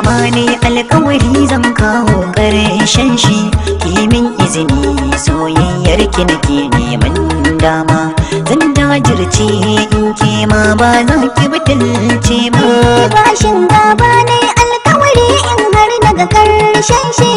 ka ne alkawari zan kawo ƙarshen shi kimin izini soyayyar ki nake neman dama zan dajirce in ke ma ba za ki butulce ba bashin gaba ne alkawari in har daga ƙarshen shi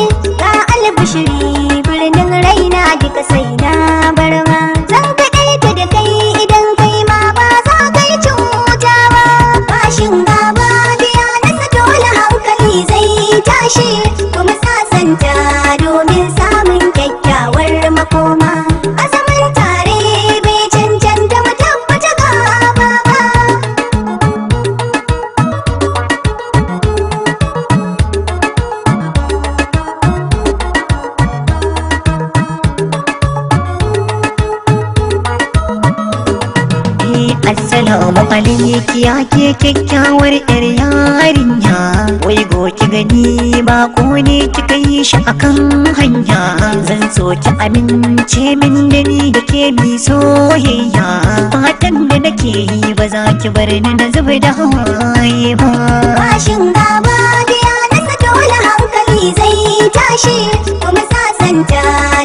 Maliki ya ke kyakkyawar yar yarinya Wai goki gani ba ko ne kika yi shi akan hanya Zan so ki amince min da ni da ke mi soyayya Fatan da nake yi ba za ki bar ni na zuba da hawaye ba Bashin gaba da ya nasa dole hankali zai tashi kuma sasanta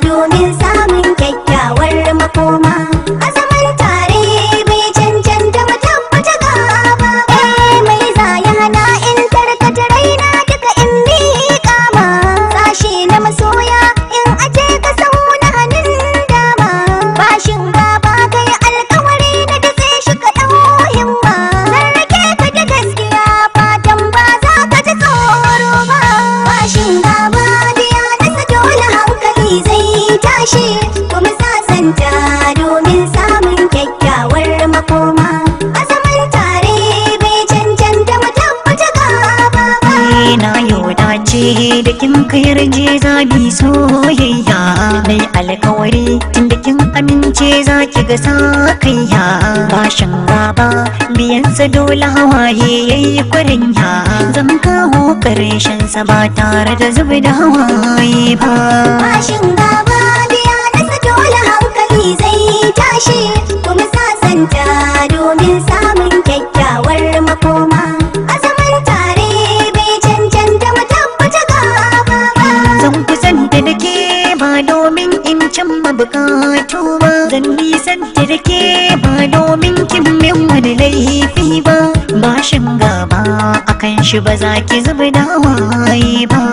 Abi soyayya mai alkawari tunda kin amince za ki ga sa kaiya bashin baba biyansa dole hawaye yayi kurinya zan kawo karshen sa ba tare da zubi da hawaye ba bashin baba biya nasa dole hankali zai tashi kuma sasanta domin samun kyakkyawar makoma domin kin min wani laifi ba bashin gaba akan shi ba za ki zubi da ba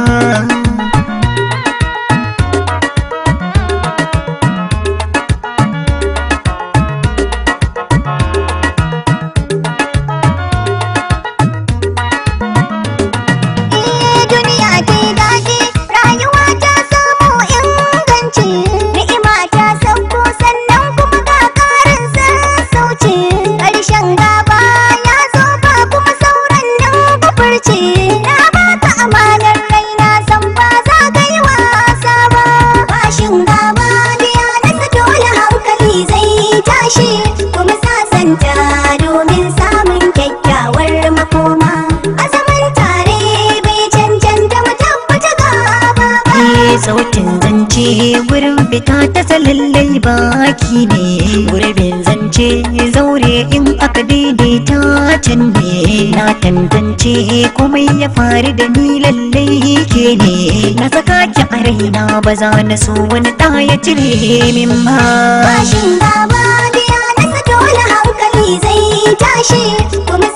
tashi kuma sasanta domin samun kyakkyawar makoma azaman tare bai cancanta mu tabbata gaba ba sautin zance gurin fita ta salallai baki ne gurbin zance zaure in aka daidaita can ne na tantance komai ya faru da ni lallai ke ne na saka ki a raina ba za na so wani ɗaya cire min ba zai tashi kuma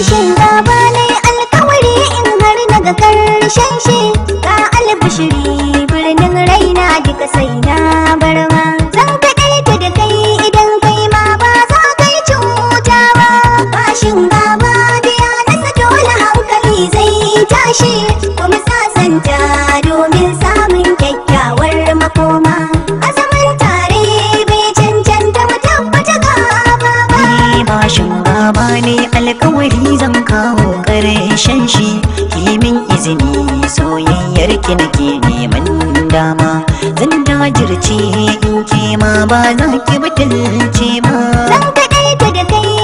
ƙarshen gaba ne alkawari in har daga ƙarshen shi ga albishiri birnin raina duka sai na barma zan kaɗaita da kai idan kai ma ba za ka yi cuta ba bashin gaba biya nasa dole hankali zai tashi kuma sasanta domin samun kyakkyawar makoma azumi soyayyar ki nake neman dama zan dajirce in ke ma ba za ki mutunce ma zan kaɗaita da kai